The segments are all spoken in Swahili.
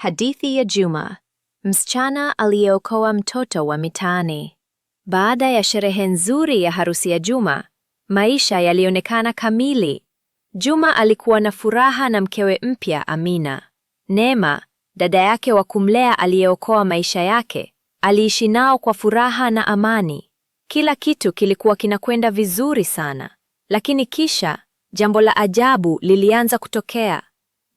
Hadithi ya Juma, msichana aliyeokoa mtoto wa mitaani. Baada ya sherehe nzuri ya harusi ya Juma, maisha yalionekana kamili. Juma alikuwa na furaha na mkewe mpya Amina. Neema, dada yake wa kumlea aliyeokoa maisha yake, aliishi nao kwa furaha na amani. Kila kitu kilikuwa kinakwenda vizuri sana, lakini kisha jambo la ajabu lilianza kutokea.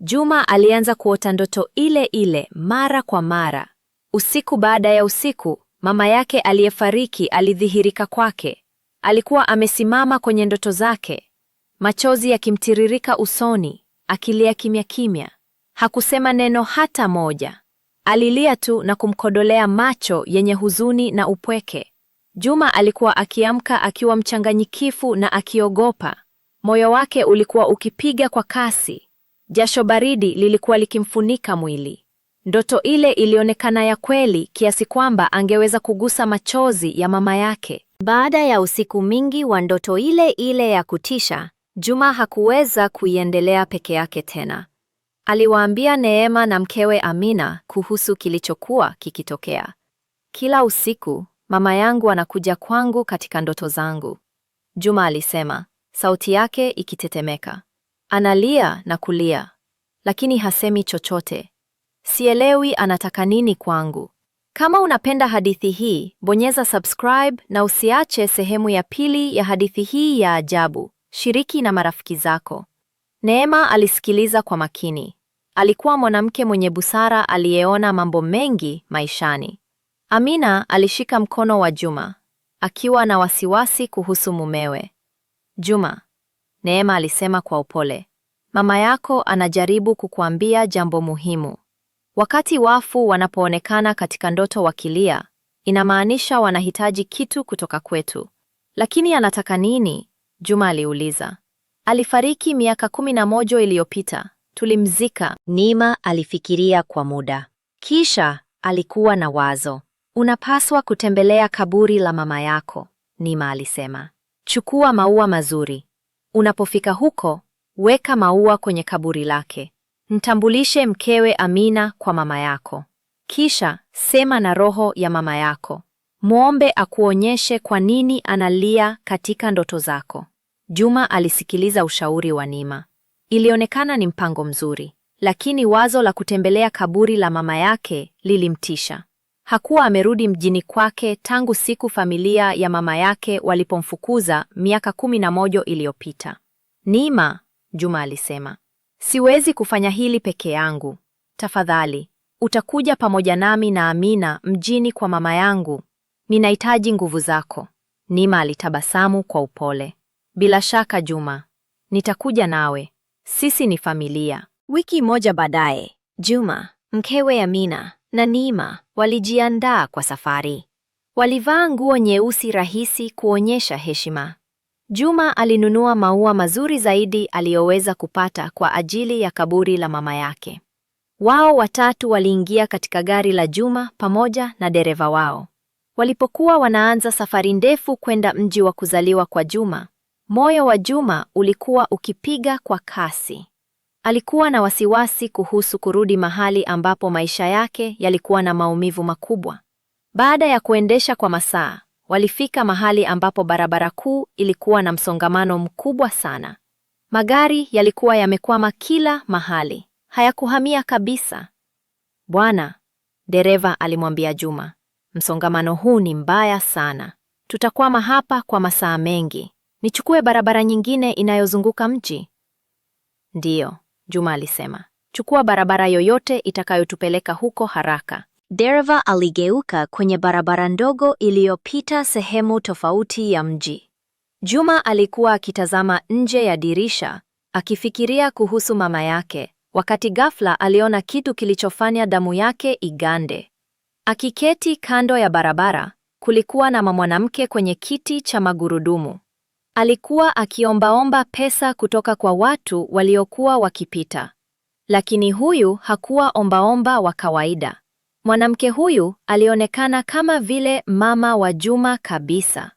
Juma alianza kuota ndoto ile ile mara kwa mara. Usiku baada ya usiku, mama yake aliyefariki alidhihirika kwake. Alikuwa amesimama kwenye ndoto zake, machozi yakimtiririka usoni, akilia kimya kimya. Hakusema neno hata moja, alilia tu na kumkodolea macho yenye huzuni na upweke. Juma alikuwa akiamka akiwa mchanganyikifu na akiogopa. Moyo wake ulikuwa ukipiga kwa kasi. Jasho baridi lilikuwa likimfunika mwili. Ndoto ile ilionekana ya kweli kiasi kwamba angeweza kugusa machozi ya mama yake. Baada ya usiku mingi wa ndoto ile ile ya kutisha, Juma hakuweza kuiendelea peke yake tena. Aliwaambia Neema na mkewe Amina kuhusu kilichokuwa kikitokea. Kila usiku mama yangu anakuja kwangu katika ndoto zangu, Juma alisema, sauti yake ikitetemeka. Analia na kulia, lakini hasemi chochote. Sielewi anataka nini kwangu. Kama unapenda hadithi hii, bonyeza subscribe na usiache sehemu ya pili ya hadithi hii ya ajabu. Shiriki na marafiki zako. Neema alisikiliza kwa makini. Alikuwa mwanamke mwenye busara aliyeona mambo mengi maishani. Amina alishika mkono wa Juma, akiwa na wasiwasi kuhusu mumewe. Juma, Neema alisema kwa upole. Mama yako anajaribu kukuambia jambo muhimu. Wakati wafu wanapoonekana katika ndoto wakilia, inamaanisha wanahitaji kitu kutoka kwetu. Lakini anataka nini? Juma aliuliza. Alifariki miaka kumi na moja iliyopita. Tulimzika. Nima alifikiria kwa muda. Kisha alikuwa na wazo. Unapaswa kutembelea kaburi la mama yako, Nima alisema. Chukua maua mazuri, Unapofika huko, weka maua kwenye kaburi lake. Mtambulishe mkewe Amina kwa mama yako. Kisha sema na roho ya mama yako, mwombe akuonyeshe kwa nini analia katika ndoto zako. Juma alisikiliza ushauri wa Nima. Ilionekana ni mpango mzuri, lakini wazo la kutembelea kaburi la mama yake lilimtisha. Hakuwa amerudi mjini kwake tangu siku familia ya mama yake walipomfukuza miaka kumi na moja iliyopita. Nima, Juma alisema, siwezi kufanya hili peke yangu. Tafadhali utakuja pamoja nami na Amina mjini kwa mama yangu. Ninahitaji nguvu zako. Nima alitabasamu kwa upole. Bila shaka Juma, nitakuja nawe. Sisi ni familia. Wiki moja baadaye, Juma, mkewe Amina na Nima walijiandaa kwa safari. Walivaa nguo nyeusi rahisi kuonyesha heshima. Juma alinunua maua mazuri zaidi aliyoweza kupata kwa ajili ya kaburi la mama yake. Wao watatu waliingia katika gari la Juma pamoja na dereva wao. Walipokuwa wanaanza safari ndefu kwenda mji wa kuzaliwa kwa Juma, moyo wa Juma ulikuwa ukipiga kwa kasi. Alikuwa na wasiwasi kuhusu kurudi mahali ambapo maisha yake yalikuwa na maumivu makubwa. Baada ya kuendesha kwa masaa, walifika mahali ambapo barabara kuu ilikuwa na msongamano mkubwa sana. Magari yalikuwa yamekwama kila mahali, hayakuhamia kabisa. Bwana, dereva alimwambia Juma, msongamano huu ni mbaya sana, tutakwama hapa kwa masaa mengi. Nichukue barabara nyingine inayozunguka mji? Ndiyo, Juma alisema. Chukua barabara yoyote itakayotupeleka huko haraka. Dereva aligeuka kwenye barabara ndogo iliyopita sehemu tofauti ya mji. Juma alikuwa akitazama nje ya dirisha, akifikiria kuhusu mama yake, wakati ghafla aliona kitu kilichofanya damu yake igande. Akiketi kando ya barabara, kulikuwa na mwanamke kwenye kiti cha magurudumu. Alikuwa akiombaomba pesa kutoka kwa watu waliokuwa wakipita, lakini huyu hakuwa ombaomba wa kawaida. Mwanamke huyu alionekana kama vile mama wa Juma kabisa.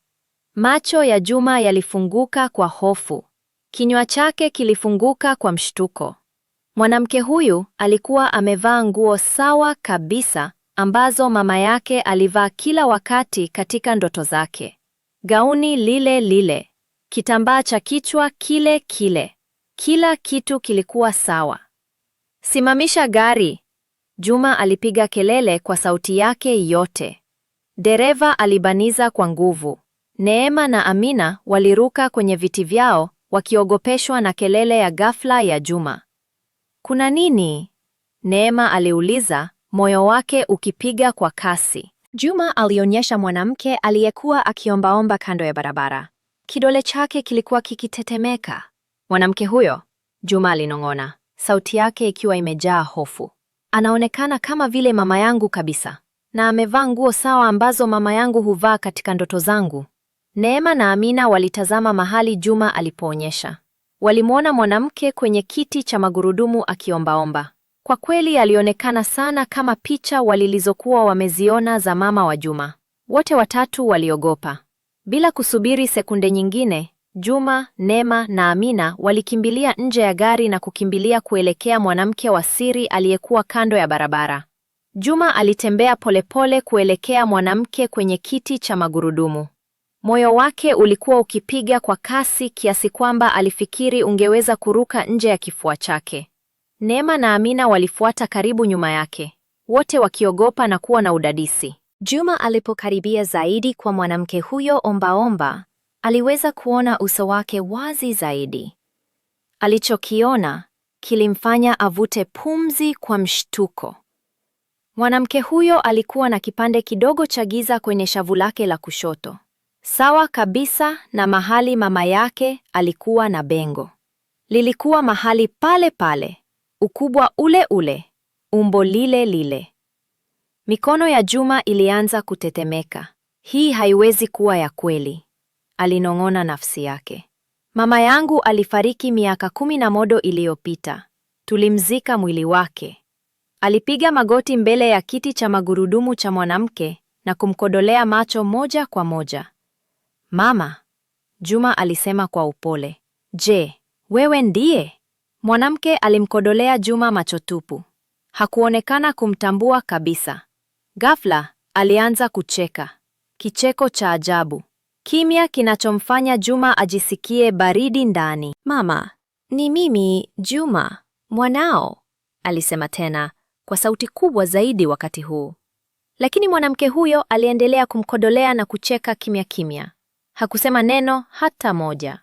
Macho ya Juma yalifunguka kwa hofu, kinywa chake kilifunguka kwa mshtuko. Mwanamke huyu alikuwa amevaa nguo sawa kabisa ambazo mama yake alivaa kila wakati katika ndoto zake, gauni lile lile kitambaa cha kichwa kile kile. Kila kitu kilikuwa sawa. Simamisha gari, Juma alipiga kelele kwa sauti yake yote. Dereva alibaniza kwa nguvu. Neema na Amina waliruka kwenye viti vyao wakiogopeshwa na kelele ya ghafla ya Juma. Kuna nini? Neema aliuliza, moyo wake ukipiga kwa kasi. Juma alionyesha mwanamke aliyekuwa akiombaomba kando ya barabara. Kidole chake kilikuwa kikitetemeka. Mwanamke huyo, Juma alinong'ona, sauti yake ikiwa imejaa hofu. Anaonekana kama vile mama yangu kabisa, na amevaa nguo sawa ambazo mama yangu huvaa katika ndoto zangu. Neema na Amina walitazama mahali Juma alipoonyesha. Walimwona mwanamke kwenye kiti cha magurudumu akiombaomba. Kwa kweli alionekana sana kama picha walilizokuwa wameziona za mama wa Juma. Wote watatu waliogopa. Bila kusubiri sekunde nyingine, Juma, nema na Amina walikimbilia nje ya gari na kukimbilia kuelekea mwanamke wa siri aliyekuwa kando ya barabara. Juma alitembea polepole kuelekea mwanamke kwenye kiti cha magurudumu. Moyo wake ulikuwa ukipiga kwa kasi kiasi kwamba alifikiri ungeweza kuruka nje ya kifua chake. Neema na Amina walifuata karibu nyuma yake, wote wakiogopa na kuwa na udadisi. Juma alipokaribia zaidi kwa mwanamke huyo ombaomba, aliweza kuona uso wake wazi zaidi. Alichokiona kilimfanya avute pumzi kwa mshtuko. Mwanamke huyo alikuwa na kipande kidogo cha giza kwenye shavu lake la kushoto, sawa kabisa na mahali mama yake alikuwa na bengo. Lilikuwa mahali pale pale, ukubwa ule ule, umbo lile lile. Mikono ya Juma ilianza kutetemeka. Hii haiwezi kuwa ya kweli, alinong'ona nafsi yake. Mama yangu alifariki miaka kumi na modo iliyopita. Tulimzika mwili wake. Alipiga magoti mbele ya kiti cha magurudumu cha mwanamke na kumkodolea macho moja kwa moja. Mama, Juma alisema kwa upole. Je, wewe ndiye? Mwanamke alimkodolea Juma macho tupu. Hakuonekana kumtambua kabisa. Ghafla alianza kucheka, kicheko cha ajabu, kimya kinachomfanya Juma ajisikie baridi ndani. Mama, ni mimi Juma, mwanao, alisema tena kwa sauti kubwa zaidi wakati huu. Lakini mwanamke huyo aliendelea kumkodolea na kucheka kimya kimya. Hakusema neno hata moja.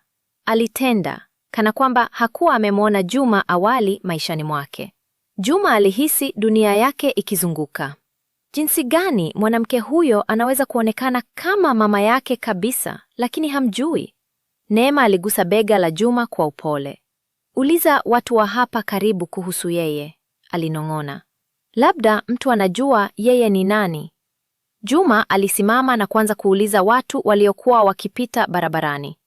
Alitenda kana kwamba hakuwa amemwona Juma awali maishani mwake. Juma alihisi dunia yake ikizunguka. Jinsi gani mwanamke huyo anaweza kuonekana kama mama yake kabisa lakini hamjui? Neema aligusa bega la Juma kwa upole. Uliza watu wa hapa karibu kuhusu yeye, alinong'ona. Labda mtu anajua yeye ni nani. Juma alisimama na kuanza kuuliza watu waliokuwa wakipita barabarani.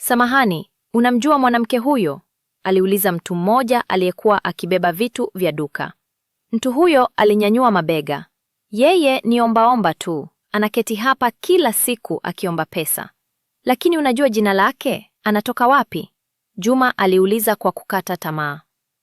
Samahani, unamjua mwanamke huyo? aliuliza mtu mmoja aliyekuwa akibeba vitu vya duka. Mtu huyo alinyanyua mabega. Yeye ni ombaomba tu, anaketi hapa kila siku akiomba pesa. Lakini unajua jina lake? Anatoka wapi? Juma aliuliza kwa kukata tamaa.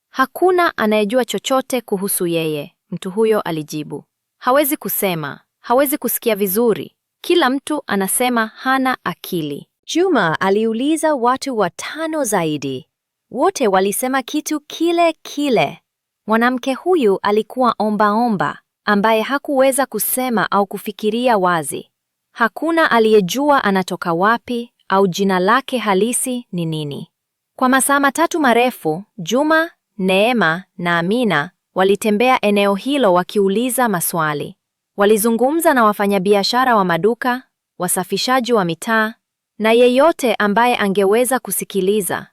Hakuna anayejua chochote kuhusu yeye, mtu huyo alijibu. Hawezi kusema, hawezi kusikia vizuri. Kila mtu anasema hana akili. Juma aliuliza watu watano zaidi. Wote walisema kitu kile kile. Mwanamke huyu alikuwa ombaomba, ambaye hakuweza kusema au kufikiria wazi. Hakuna aliyejua anatoka wapi au jina lake halisi ni nini. Kwa masaa matatu marefu, Juma, Neema na Amina walitembea eneo hilo wakiuliza maswali. Walizungumza na wafanyabiashara wa maduka, wasafishaji wa mitaa na yeyote ambaye angeweza kusikiliza,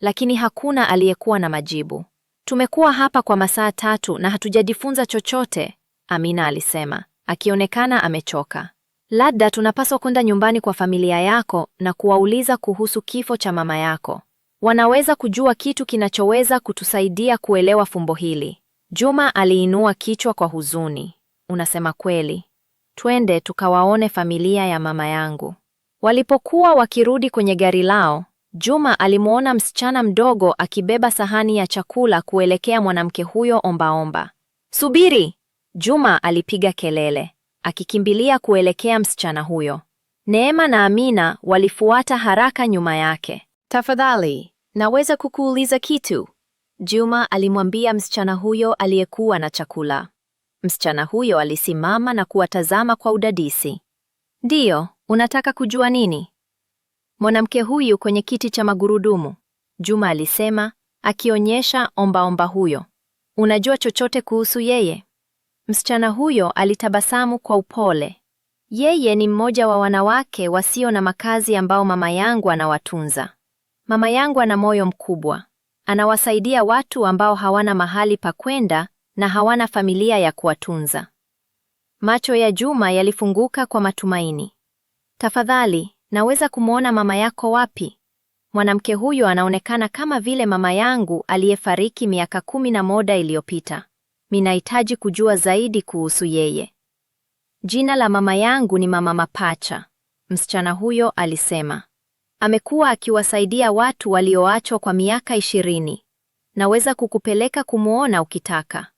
lakini hakuna aliyekuwa na majibu. Tumekuwa hapa kwa masaa tatu na hatujajifunza chochote, Amina alisema, akionekana amechoka. Labda tunapaswa kwenda nyumbani kwa familia yako na kuwauliza kuhusu kifo cha mama yako. Wanaweza kujua kitu kinachoweza kutusaidia kuelewa fumbo hili. Juma aliinua kichwa kwa huzuni. Unasema kweli. Twende tukawaone familia ya mama yangu. Walipokuwa wakirudi kwenye gari lao, Juma alimwona msichana mdogo akibeba sahani ya chakula kuelekea mwanamke huyo ombaomba. Subiri, Juma alipiga kelele akikimbilia kuelekea msichana huyo. Neema na Amina walifuata haraka nyuma yake. Tafadhali, naweza kukuuliza kitu? Juma alimwambia msichana huyo aliyekuwa na chakula. Msichana huyo alisimama na kuwatazama kwa udadisi. Ndiyo, unataka kujua nini? Mwanamke huyu kwenye kiti cha magurudumu, Juma alisema akionyesha ombaomba huyo. Unajua chochote kuhusu yeye? Msichana huyo alitabasamu kwa upole. Yeye ni mmoja wa wanawake wasio na makazi ambao mama yangu anawatunza. Mama yangu ana moyo mkubwa. Anawasaidia watu ambao hawana mahali pa kwenda na hawana familia ya kuwatunza. Macho ya Juma yalifunguka kwa matumaini. Tafadhali, naweza kumwona mama yako wapi? Mwanamke huyo anaonekana kama vile mama yangu aliyefariki miaka kumi na moja iliyopita. Ninahitaji kujua zaidi kuhusu yeye. Jina la mama yangu ni Mama Mapacha, msichana huyo alisema. Amekuwa akiwasaidia watu walioachwa kwa miaka ishirini. Naweza kukupeleka kumwona ukitaka.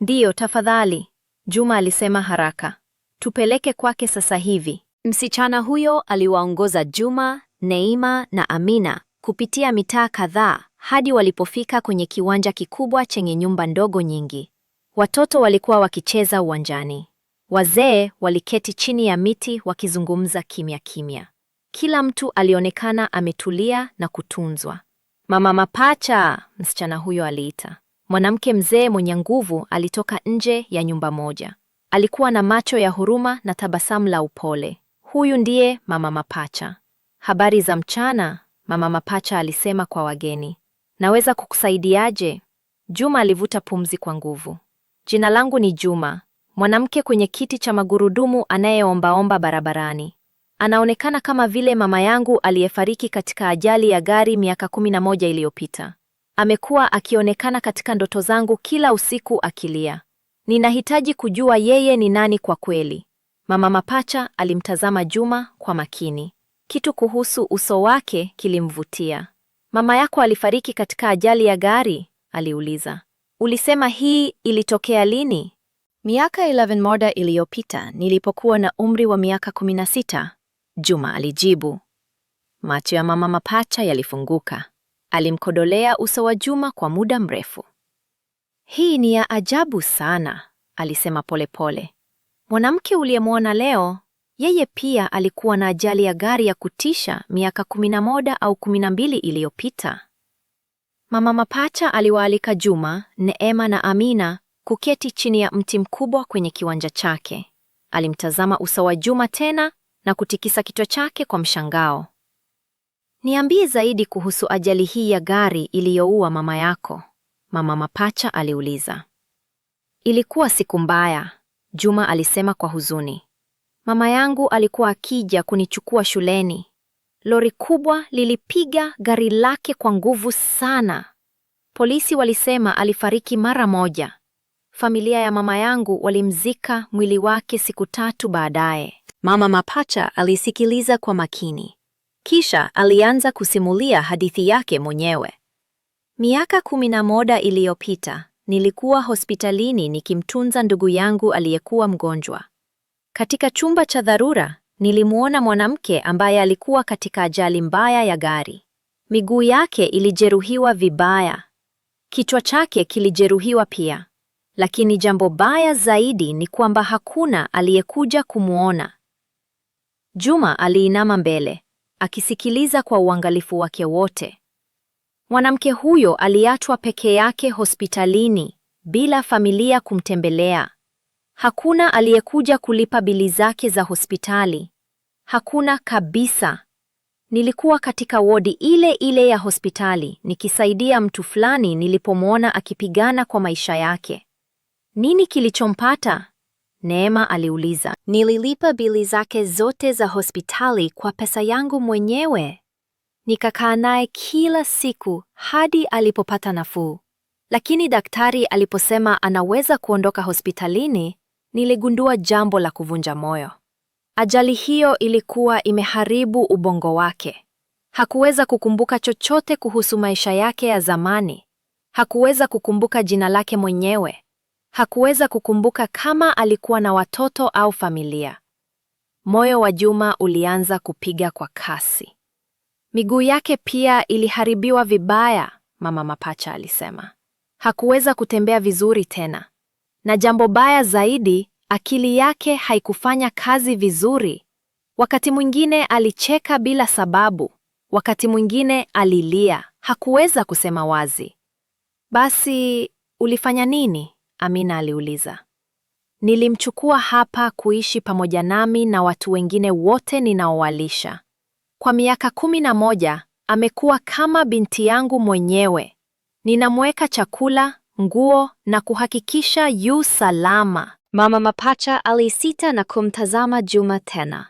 Ndiyo, tafadhali, Juma alisema haraka. Tupeleke kwake sasa hivi. Msichana huyo aliwaongoza Juma, Neima na Amina kupitia mitaa kadhaa hadi walipofika kwenye kiwanja kikubwa chenye nyumba ndogo nyingi. Watoto walikuwa wakicheza uwanjani, wazee waliketi chini ya miti wakizungumza kimya kimya. Kila mtu alionekana ametulia na kutunzwa. Mama mapacha, msichana huyo aliita. Mwanamke mzee mwenye nguvu alitoka nje ya nyumba moja. Alikuwa na macho ya huruma na tabasamu la upole. Huyu ndiye mama mapacha. Habari za mchana, mama mapacha alisema kwa wageni. Naweza kukusaidiaje? Juma alivuta pumzi kwa nguvu. Jina langu ni Juma, mwanamke kwenye kiti cha magurudumu anayeombaomba barabarani. Anaonekana kama vile mama yangu aliyefariki katika ajali ya gari miaka 11 iliyopita. Amekuwa akionekana katika ndoto zangu kila usiku akilia. Ninahitaji kujua yeye ni nani kwa kweli. Mama mapacha alimtazama Juma kwa makini. Kitu kuhusu uso wake kilimvutia. Mama yako alifariki katika ajali ya gari? aliuliza. Ulisema hii ilitokea lini? Miaka 11 moja iliyopita nilipokuwa na umri wa miaka 16, Juma alijibu. Macho ya mama mapacha yalifunguka. Alimkodolea uso wa Juma kwa muda mrefu. Hii ni ya ajabu sana, alisema polepole. Mwanamke uliyemwona leo, yeye pia alikuwa na ajali ya gari ya kutisha miaka 11 au 12 iliyopita. Mama mapacha aliwaalika Juma, Neema na Amina kuketi chini ya mti mkubwa kwenye kiwanja chake. Alimtazama uso wa Juma tena na kutikisa kichwa chake kwa mshangao. Niambie zaidi kuhusu ajali hii ya gari iliyoua mama yako, mama mapacha aliuliza. Ilikuwa siku mbaya, Juma alisema kwa huzuni. Mama yangu alikuwa akija kunichukua shuleni, Lori kubwa lilipiga gari lake kwa nguvu sana. Polisi walisema alifariki mara moja. Familia ya mama yangu walimzika mwili wake siku tatu baadaye. Mama mapacha alisikiliza kwa makini, kisha alianza kusimulia hadithi yake mwenyewe. Miaka kumi na moja iliyopita nilikuwa hospitalini nikimtunza ndugu yangu aliyekuwa mgonjwa. Katika chumba cha dharura Nilimwona mwanamke ambaye alikuwa katika ajali mbaya ya gari. Miguu yake ilijeruhiwa vibaya, kichwa chake kilijeruhiwa pia, lakini jambo baya zaidi ni kwamba hakuna aliyekuja kumwona. Juma aliinama mbele akisikiliza kwa uangalifu wake wote. Mwanamke huyo aliachwa peke yake hospitalini bila familia kumtembelea. Hakuna aliyekuja kulipa bili zake za hospitali. Hakuna kabisa. Nilikuwa katika wodi ile ile ya hospitali nikisaidia mtu fulani nilipomwona akipigana kwa maisha yake. Nini kilichompata? Neema aliuliza. Nililipa bili zake zote za hospitali kwa pesa yangu mwenyewe. Nikakaa naye kila siku hadi alipopata nafuu. Lakini daktari aliposema anaweza kuondoka hospitalini, niligundua jambo la kuvunja moyo. Ajali hiyo ilikuwa imeharibu ubongo wake. Hakuweza kukumbuka chochote kuhusu maisha yake ya zamani. Hakuweza kukumbuka jina lake mwenyewe. Hakuweza kukumbuka kama alikuwa na watoto au familia. Moyo wa Juma ulianza kupiga kwa kasi. Miguu yake pia iliharibiwa vibaya, Mama Mapacha alisema. Hakuweza kutembea vizuri tena. Na jambo baya zaidi, akili yake haikufanya kazi vizuri. Wakati mwingine alicheka bila sababu, wakati mwingine alilia, hakuweza kusema wazi. Basi ulifanya nini? Amina aliuliza. Nilimchukua hapa kuishi pamoja nami na watu wengine wote ninaowalisha. Kwa miaka kumi na moja amekuwa kama binti yangu mwenyewe. Ninamweka chakula, nguo na kuhakikisha yu salama. Mama mapacha alisita na kumtazama Juma tena.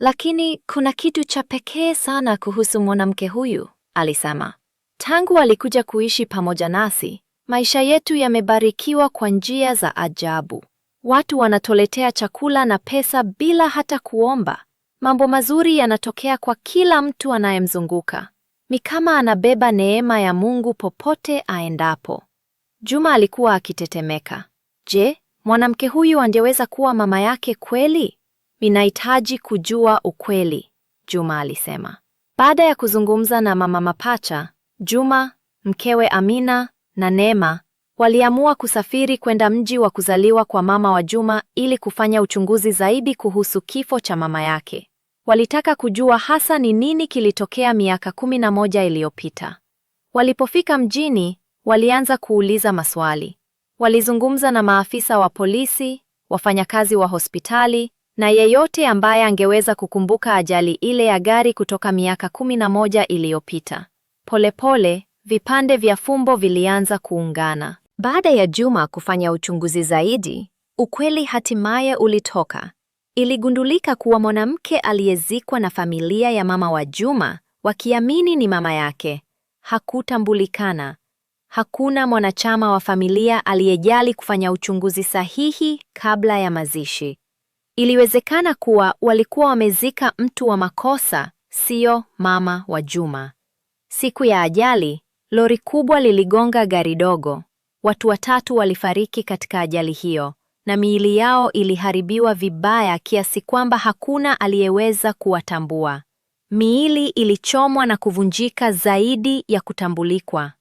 Lakini kuna kitu cha pekee sana kuhusu mwanamke huyu, alisema. Tangu alikuja kuishi pamoja nasi, maisha yetu yamebarikiwa kwa njia za ajabu. Watu wanatoletea chakula na pesa bila hata kuomba. Mambo mazuri yanatokea kwa kila mtu anayemzunguka. Ni kama anabeba neema ya Mungu popote aendapo. Juma alikuwa akitetemeka. Je, mwanamke huyu angeweza kuwa mama yake kweli? Ninahitaji kujua ukweli, Juma alisema. Baada ya kuzungumza na mama mapacha, Juma, mkewe Amina na Neema waliamua kusafiri kwenda mji wa kuzaliwa kwa mama wa Juma ili kufanya uchunguzi zaidi kuhusu kifo cha mama yake. Walitaka kujua hasa ni nini kilitokea miaka kumi na moja iliyopita. Walipofika mjini, Walianza kuuliza maswali. Walizungumza na maafisa wa polisi, wafanyakazi wa hospitali na yeyote ambaye angeweza kukumbuka ajali ile ya gari kutoka miaka kumi na moja iliyopita. Polepole vipande vya fumbo vilianza kuungana. Baada ya Juma kufanya uchunguzi zaidi, ukweli hatimaye ulitoka. Iligundulika kuwa mwanamke aliyezikwa na familia ya mama wa Juma wakiamini ni mama yake hakutambulikana hakuna mwanachama wa familia aliyejali kufanya uchunguzi sahihi kabla ya mazishi. Iliwezekana kuwa walikuwa wamezika mtu wa makosa, sio mama wa Juma. Siku ya ajali, lori kubwa liligonga gari dogo. Watu watatu walifariki katika ajali hiyo na miili yao iliharibiwa vibaya kiasi kwamba hakuna aliyeweza kuwatambua. Miili ilichomwa na kuvunjika zaidi ya kutambulikwa.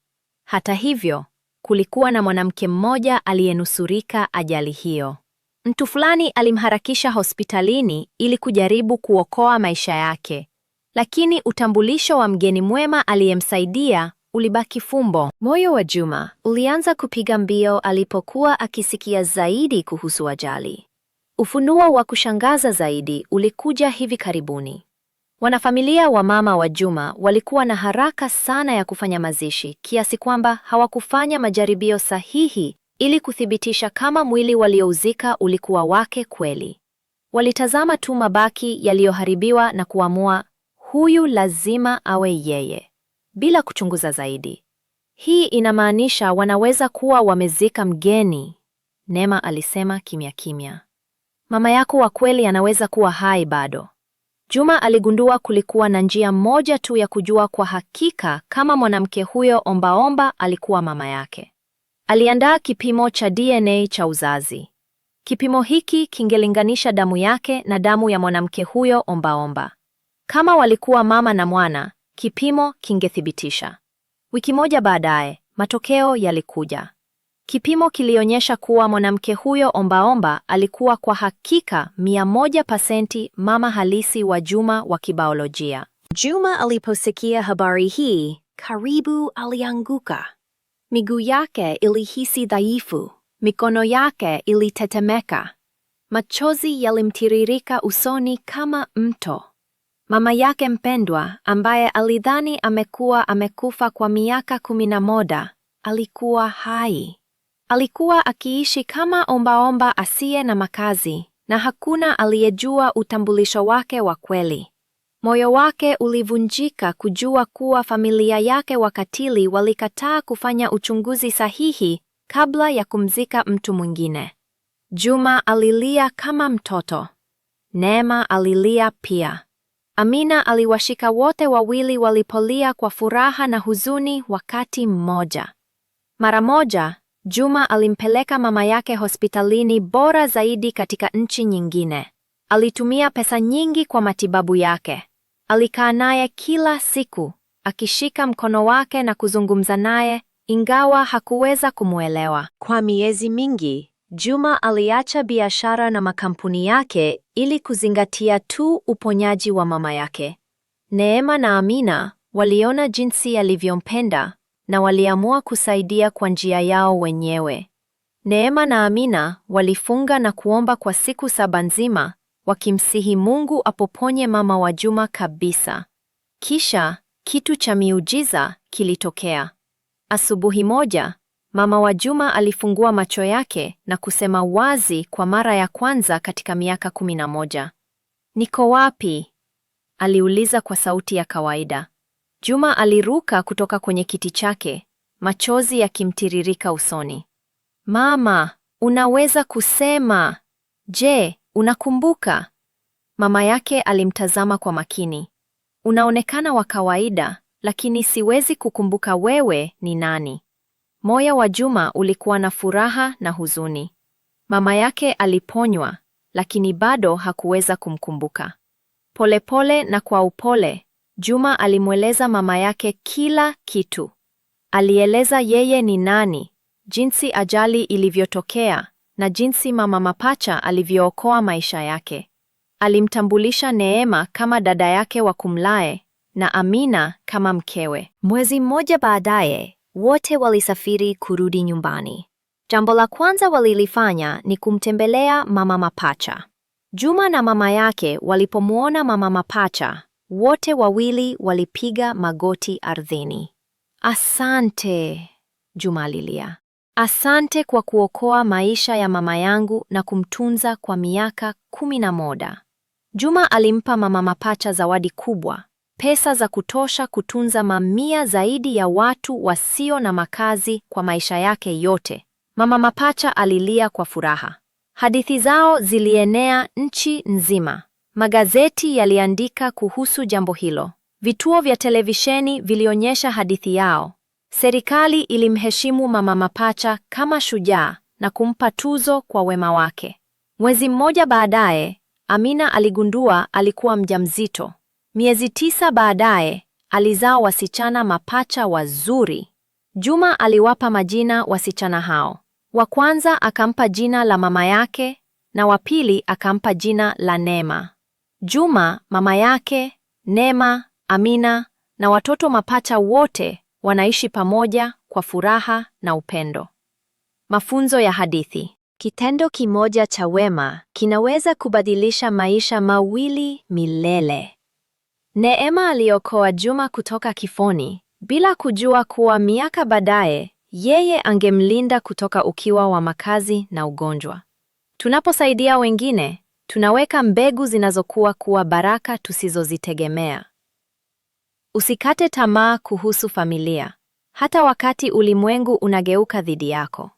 Hata hivyo, kulikuwa na mwanamke mmoja aliyenusurika ajali hiyo. Mtu fulani alimharakisha hospitalini ili kujaribu kuokoa maisha yake, lakini utambulisho wa mgeni mwema aliyemsaidia ulibaki fumbo. Moyo wa Juma ulianza kupiga mbio alipokuwa akisikia zaidi kuhusu ajali. Ufunuo wa kushangaza zaidi ulikuja hivi karibuni. Wanafamilia wa mama wa Juma walikuwa na haraka sana ya kufanya mazishi kiasi kwamba hawakufanya majaribio sahihi ili kuthibitisha kama mwili waliouzika ulikuwa wake kweli. Walitazama tu mabaki yaliyoharibiwa na kuamua huyu lazima awe yeye, bila kuchunguza zaidi. Hii inamaanisha wanaweza kuwa wamezika mgeni, Neema alisema kimya kimya. Mama yako wa kweli anaweza kuwa hai bado. Juma aligundua kulikuwa na njia moja tu ya kujua kwa hakika kama mwanamke huyo ombaomba alikuwa mama yake. Aliandaa kipimo cha DNA cha uzazi. Kipimo hiki kingelinganisha damu yake na damu ya mwanamke huyo ombaomba. Kama walikuwa mama na mwana, kipimo kingethibitisha. Wiki moja baadaye, matokeo yalikuja. Kipimo kilionyesha kuwa mwanamke huyo ombaomba alikuwa kwa hakika 100% mama halisi wa Juma wa kibaolojia. Juma aliposikia habari hii, karibu alianguka. Miguu yake ilihisi dhaifu, mikono yake ilitetemeka, machozi yalimtiririka usoni kama mto. Mama yake mpendwa, ambaye alidhani amekuwa amekufa kwa miaka kumi na moja, alikuwa hai. Alikuwa akiishi kama ombaomba asiye na makazi, na hakuna aliyejua utambulisho wake wa kweli. Moyo wake ulivunjika kujua kuwa familia yake wakatili walikataa kufanya uchunguzi sahihi kabla ya kumzika mtu mwingine. Juma alilia kama mtoto. Neema alilia pia. Amina aliwashika wote wawili walipolia kwa furaha na huzuni wakati mmoja. Mara moja Juma alimpeleka mama yake hospitalini bora zaidi katika nchi nyingine. Alitumia pesa nyingi kwa matibabu yake. Alikaa naye kila siku, akishika mkono wake na kuzungumza naye, ingawa hakuweza kumwelewa. Kwa miezi mingi, Juma aliacha biashara na makampuni yake ili kuzingatia tu uponyaji wa mama yake. Neema na Amina waliona jinsi alivyompenda na waliamua kusaidia kwa njia yao wenyewe. Neema na Amina walifunga na kuomba kwa siku saba nzima, wakimsihi Mungu apoponye mama wa Juma kabisa. Kisha kitu cha miujiza kilitokea. Asubuhi moja, mama wa Juma alifungua macho yake na kusema wazi kwa mara ya kwanza katika miaka kumi na moja. Niko wapi? aliuliza kwa sauti ya kawaida. Juma aliruka kutoka kwenye kiti chake, machozi yakimtiririka usoni. Mama, unaweza kusema? Je, unakumbuka? Mama yake alimtazama kwa makini. Unaonekana wa kawaida, lakini siwezi kukumbuka wewe ni nani. Moyo wa Juma ulikuwa na furaha na huzuni. Mama yake aliponywa, lakini bado hakuweza kumkumbuka. Polepole na kwa upole, Juma alimweleza mama yake kila kitu. Alieleza yeye ni nani, jinsi ajali ilivyotokea na jinsi mama mapacha alivyookoa maisha yake. Alimtambulisha Neema kama dada yake wa kumlae na Amina kama mkewe. Mwezi mmoja baadaye, wote walisafiri kurudi nyumbani. Jambo la kwanza walilifanya ni kumtembelea mama mapacha. Juma na mama yake walipomwona mama mapacha wote wawili walipiga magoti ardhini. Asante, Juma alilia. Asante kwa kuokoa maisha ya mama yangu na kumtunza kwa miaka kumi na moja. Juma alimpa mama mapacha zawadi kubwa, pesa za kutosha kutunza mamia zaidi ya watu wasio na makazi kwa maisha yake yote. Mama mapacha alilia kwa furaha. Hadithi zao zilienea nchi nzima. Magazeti yaliandika kuhusu jambo hilo. Vituo vya televisheni vilionyesha hadithi yao. Serikali ilimheshimu Mama Mapacha kama shujaa na kumpa tuzo kwa wema wake. Mwezi mmoja baadaye, Amina aligundua alikuwa mjamzito. Miezi tisa baadaye, alizaa wasichana mapacha wazuri. Juma aliwapa majina wasichana hao. Wa kwanza akampa jina la mama yake na wa pili akampa jina la Neema. Juma, mama yake, Nema, Amina na watoto mapacha wote wanaishi pamoja kwa furaha na upendo. Mafunzo ya hadithi: kitendo kimoja cha wema kinaweza kubadilisha maisha mawili milele. Neema aliokoa Juma kutoka kifoni bila kujua kuwa miaka baadaye yeye angemlinda kutoka ukiwa wa makazi na ugonjwa. Tunaposaidia wengine tunaweka mbegu zinazokuwa kuwa baraka tusizozitegemea. Usikate tamaa kuhusu familia, hata wakati ulimwengu unageuka dhidi yako.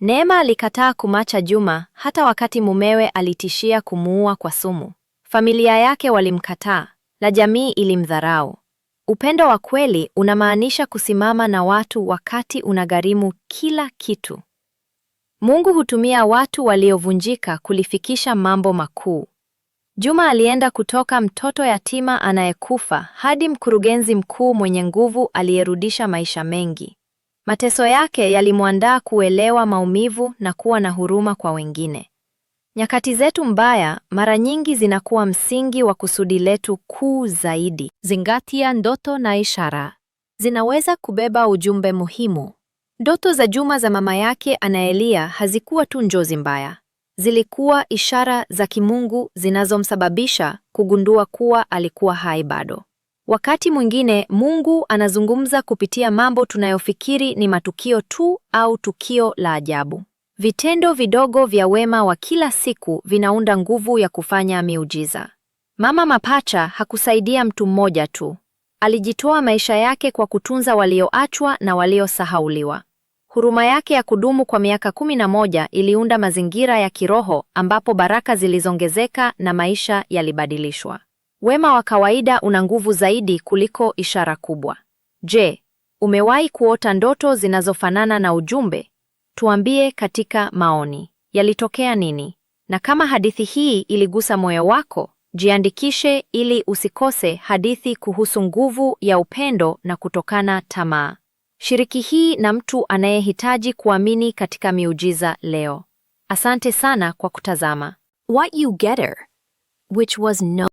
Neema alikataa kumacha Juma hata wakati mumewe alitishia kumuua kwa sumu. Familia yake walimkataa na jamii ilimdharau. Upendo wa kweli unamaanisha kusimama na watu wakati unagharimu kila kitu. Mungu hutumia watu waliovunjika kulifikisha mambo makuu. Juma alienda kutoka mtoto yatima anayekufa hadi mkurugenzi mkuu mwenye nguvu aliyerudisha maisha mengi. Mateso yake yalimwandaa kuelewa maumivu na kuwa na huruma kwa wengine. Nyakati zetu mbaya mara nyingi zinakuwa msingi wa kusudi letu kuu zaidi. Zingatia ndoto na ishara. Zinaweza kubeba ujumbe muhimu. Ndoto za Juma za mama yake Anaelia hazikuwa tu njozi mbaya, zilikuwa ishara za kimungu zinazomsababisha kugundua kuwa alikuwa hai bado. Wakati mwingine Mungu anazungumza kupitia mambo tunayofikiri ni matukio tu au tukio la ajabu. Vitendo vidogo vya wema wa kila siku vinaunda nguvu ya kufanya miujiza. Mama mapacha hakusaidia mtu mmoja tu. Alijitoa maisha yake kwa kutunza walioachwa na waliosahauliwa. Huruma yake ya kudumu kwa miaka kumi na moja iliunda mazingira ya kiroho ambapo baraka zilizongezeka na maisha yalibadilishwa. Wema wa kawaida una nguvu zaidi kuliko ishara kubwa. Je, umewahi kuota ndoto zinazofanana na ujumbe? Tuambie katika maoni. Yalitokea nini? Na kama hadithi hii iligusa moyo wako, jiandikishe ili usikose hadithi kuhusu nguvu ya upendo na kutokana tamaa shiriki hii na mtu anayehitaji kuamini katika miujiza leo. Asante sana kwa kutazama. What you getter, which was no